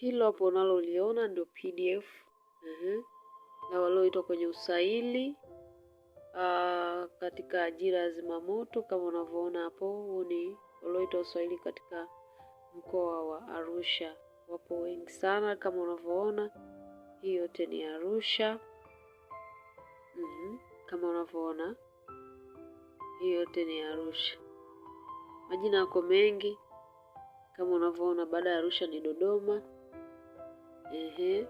hilo hapo unaloliona ndio PDF na walioitwa kwenye usaili aa, ah, katika ajira ya zimamoto kama unavyoona hapo, huu ni walioitwa usaili katika mkoa wa Arusha. Wapo wengi sana kama unavyoona, hii yote ni Arusha. Mm-hmm. Kama unavyoona hii yote ni Arusha. Majina yako mengi kama unavyoona, baada ya Arusha ni Dodoma. Ehe,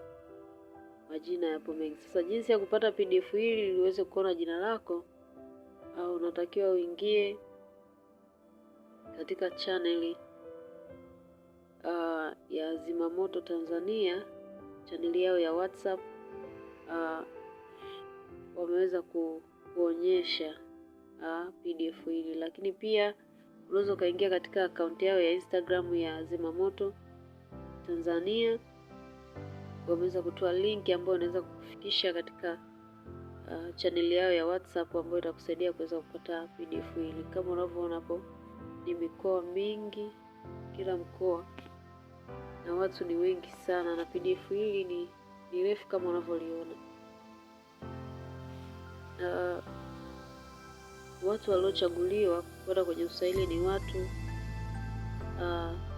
majina yapo mengi. Sasa jinsi ya kupata PDF hili ili uweze kuona jina lako, au unatakiwa uingie katika chaneli uh, ya Zimamoto Tanzania, chaneli yao ya WhatsApp uh, wameweza ku, kuonyesha uh, PDF hili, lakini pia unaweza ukaingia katika akaunti yao ya Instagram ya Zimamoto Tanzania wameweza kutoa link ambayo unaweza kufikisha katika uh, chaneli yao ya WhatsApp ambayo itakusaidia kuweza kupata PDF hili. Kama unavyoona hapo, ni mikoa mingi, kila mkoa na watu ni wengi sana, na PDF hili ni, ni refu kama unavyoliona. Uh, watu waliochaguliwa kwenda kwenye usaili ni watu uh,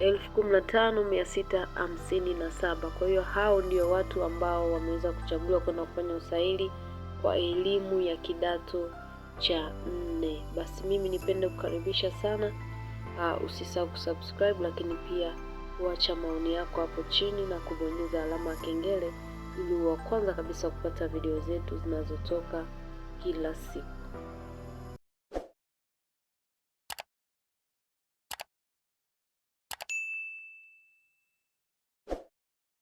elfu kumi na tano mia sita hamsini na saba. Kwa hiyo hao ndio watu ambao wameweza kuchaguliwa kwenda kufanya usaili kwa elimu ya kidato cha nne. Basi mimi nipende kukaribisha sana. Uh, usisahau kusubscribe lakini pia kuacha maoni yako hapo chini na kubonyeza alama ya kengele ili wa kwanza kabisa kupata video zetu zinazotoka kila siku.